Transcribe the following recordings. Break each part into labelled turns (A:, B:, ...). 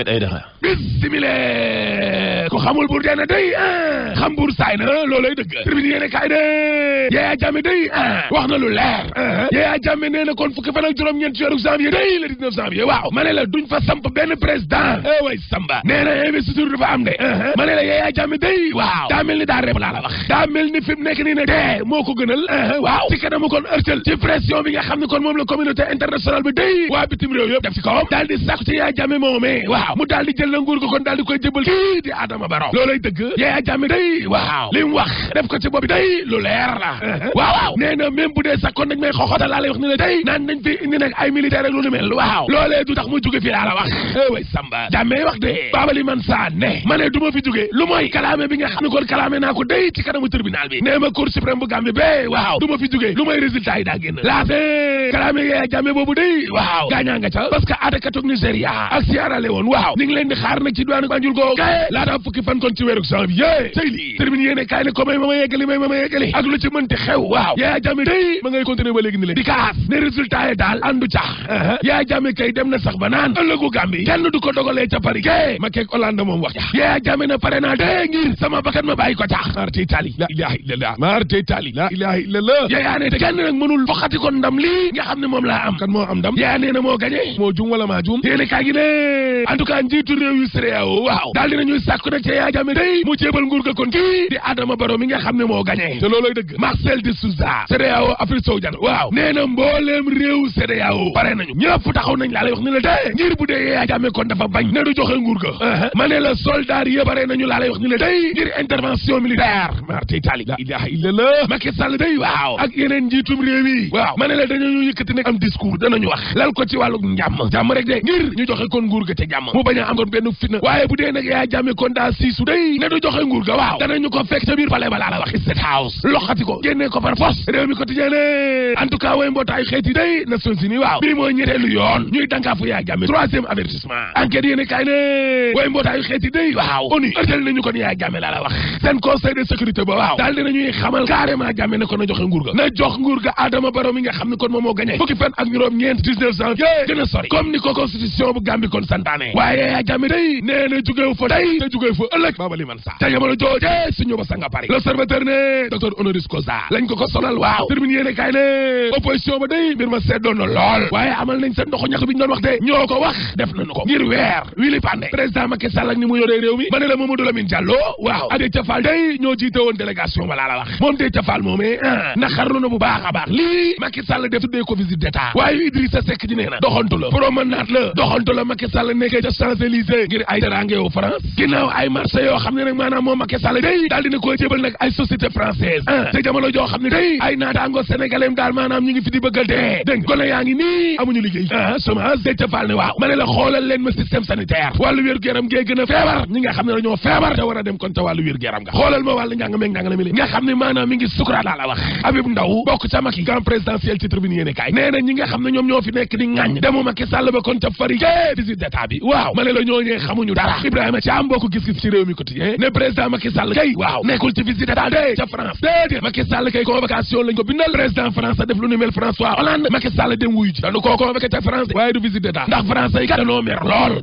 A: Ahmed Aïdara bismillah ko xamul bur dee na a ah. xam bur saay na loolay dëgg tribune yéene kaay de Yaya Jammeh a ah. wax na lu leer ah. Yaya Jammeh nee na kon fukki fan ak juróom ñeent ci weeru janvier day le ma ne la duñ fa samp benn président eh way samba nee na investiture dafa am de ma ne la Yaya Jammeh day waaw daa mel ni daa reeb laa la wax daa mel fi mu nekk ne dee moo ko gënal waaw ci kanamu kon ërtël ci pression bi nga xam ne kon moom la communauté internationale bi day waa bitim réew yëpp def ci kawam daal di sàkku ci Yaya Jammeh moomee waaw mu daal jël na nguur ko kon daal di koy jëbal kii di Adama Barrow loolay dëgg Yaya Jammeh day waaw li wax def ko ci day lu leer la uh-huh. waaw nee na même bu dee sax kon nag may xoxota laa lay wax ni la day naan nañ fi indi ay militaire lu ni mel waaw loolee du tax mu jóge fii laa la wax eh, way Samba Jammeh wax de eh. baabali man saa ne ma fi jóge lu mooy kalaame bi nga xam ne ko day ci kanamu tribunal bi nee ma cour suprême bu Gambie be waaw du fi jóge lu mooy kalaame Yaya Jammeh boobu day waaw gaañaa nga ca parce que atakatug Nigéria ak siyaarale woon waaw ni ngi leen di xaar nag ci diwaanu Banjul goo gaye laataam fukki fan kon ci weeru janvier tey lii termine yéene ko may ma ma may ma ma ak lu ci mënti xew waaw Yaya Jammeh day ma ngay continuer ba léegi ni leen di kaas ne résultat daal andu cax uh-huh. Yaya Jammeh kay dem na sax ba naan ëllëgu Gambie kenn du ko dogalee ca Paris kay ma keeg Hollande nga xam ne moom laa am kan moo am ndam yaa nee na moo gañe moo jum wala maa jum yéene kaa gi ne njiitu réew yu CEDEAO waaw daal dina ñuy sàkku nag ca yaa jame day mu jéebal nguur ga kon kii di Adama Barrow mi nga xam ne moo gañe te looloy dëgg Marcel de Souza CEDEAO Afrique sowu jant waaw nee mbooleem réew CEDEAO pare nañu ñëpp taxaw nañ la dee ngir bu dee yaa jame kon dafa bañ ne du joxe nguur ga uh-huh. ma ne la soldat yi pare nañu laa lay wax ni la day ngir intervention militaire marti itali la ilaha illallah Macky Sall yëkkati nag am discours danañu wax lal ko ci wàllu njàmm jàmm rek de ngir ñu joxe kon nguur ga te jàmm mu bañ a am kon benn fitna waaye bu dee nag yaa jàmme kon daa siisu day ne du joxe nguur ga waaw danañu ko kon yaa jàmme laa la wax seen conseil de sécurité ba waaw daal dinañuy xamal carrément jàmme ne ko na joxe nguur ga na jox nguur ga Adama Barrow nga xam ne kon moom moo gagné fukki fan ak juróom ñeent 19 yée gën a sori comme ni ko constitution bu Gambie kon santaane waaye yaa jàmme day nee na jugeewu fa tey te jugeewu fa ëllëg baaba li man sa te jamono jooje suñu ba sanga Paris l'observateur ne docteur honoris causa lañ ko ko sonal waaw termine yéene kaay ne ba day mbir ma seet doon lool waaye amal nañ seen ndoxu ñax bi doon wax de ñoo ko wax def ma ne la wax moom Déthié Fall moomee ah naqarlu a jàppee ko visite d'état waaye a Seck ji nee na doxantu la promenade la doxantu la Macky Sall nekkee ca Champs-Élysées ngir ay teraange wu France ginnaaw ay marché yoo xam ne nag maanaam moom Macky ah ngi fi di bëggal dee dégg yaa ngi nii amuñu liggéey ah chômage dégg ca Fall ne waaw ma ne la xoolal leen ma système sanitaire wàllu wér-gu-yaram gee gën a feebar ñi nga xam ne dañoo feebar te war a dem kon te wàllu wér-gu-yaram nga xoolal ma wàllu njàng meeg njàng la mi yéene kaay nee na ñi nga xam ne ñoom ñoo fi nekk di ŋàññ demu Macky Sall ba kon ca fari jé visite d'état waaw ma ne la ñoo ñee xamuñu dara Ibrahima Thiam boo gis-gis ci réew mi quotidien ne président Macky Sall kay waaw nekkul ci visite d'état dé ca France déedéet Macky Sall kay convocation lañ ko bindal président France def lu ni mel François Hollande Macky Sall dem wuyu ji dañu koo convoqué ca France waaye du visite d'état ndax français yi kat dañoo mer lool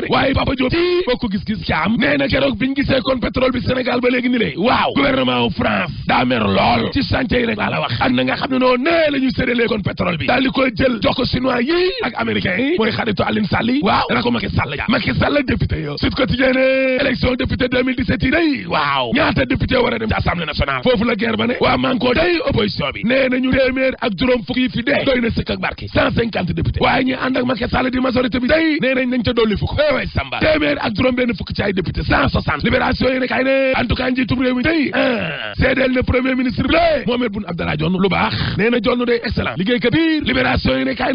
A: ko de waaye Papa Diop ci bokk gis-gis caam nee keroog biñu gisee kon pétrole Sénégal ba léegi ni lée waaw gouvernement France daa lool ci chantier yi rek laa wax ak na nga xam ne noonu nee ñu séddalee kon pétrole bi daal koy jël jox chinois yi ak américain mooy xaritu Aline Sall waaw na ko Macky Sall ja Macky Sall député yo Sud Quotidien ne élection député 2017 waaw ñaata député war a dem ci assemblée foofu la guerre waa manko day opposition bi eh ak juróom benn fukk ci ay député cent soixante libération yi ne kay ne en tout cas njiitu premier ministre bi lé Mohamed Boun Abdallah Dionne lu baax nee na Dionne excellent liggéeykat bi libération yi ne kay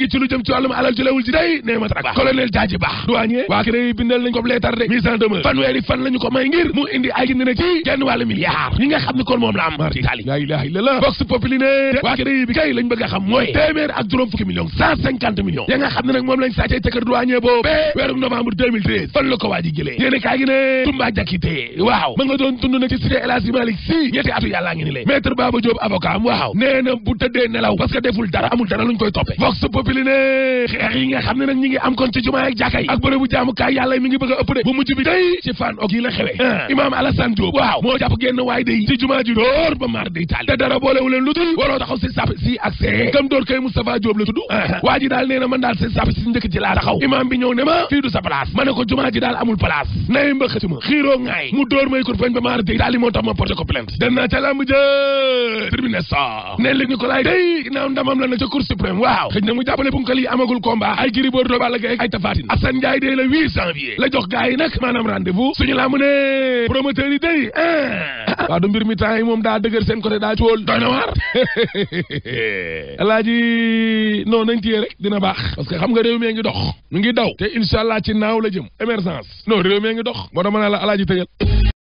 A: gi ci lu jëm alal ji lewul day nee ma tarak baax colonel baax douanier waa ki day bindal nañ ko leetar de mise en demeure fan lañu ko may ngir mu indi ay gindi ne ci genn wàllu milliard yi nga kon moom la am marti weeru novembre 2013 fan la ko waa ji jëlee yéene kaa gi ne Tumba Jakite waaw ma nga doon dund na ci cité El si ñetti atu yàllaa ngi ni le maître Baba Diop avocat waaw nee na bu tëddee nelaw parce deful dara amul dara luñ koy toppe vox populi ne xeex xam ne nag ñi ngi am kon ci jumaa ak jàkka yi ak bërëbu jaamukaay mi ngi bëgg a ëpp bu mujj bi ci fan ok yi la xewe ah. imaam Alassane Diop waaw moo jàpp génn ah. na man daal fii sa place ma ne ko jumaa daal amul place nay mba xëcc ma xiiroo mu dóor may kur fañ ba maar dég daal li moo tax ma porté ko plainte dem ca lamb jë tribune sa ne li Nicolas day ginnaaw ndamam la na ca cour waaw xëj na mu jàppale bunkal yi amagul combat ay Gris Bordeaux Balla Gaye ay Tapha Tine Assane Ndiaye day la janvier la jox gars yi nag maanaam rendez-vous ne promoteur day waaw du mbir mi temps yi moom daa dëgër seen côté daa ci wóol doy na waar alaaji non nañ téye rek dina baax parce que xam nga réew mi ngi dox mu ngi daw te incha allah ci naaw la jëm émergence non réew mi ngi dox moo tax ma la alaaji tëjal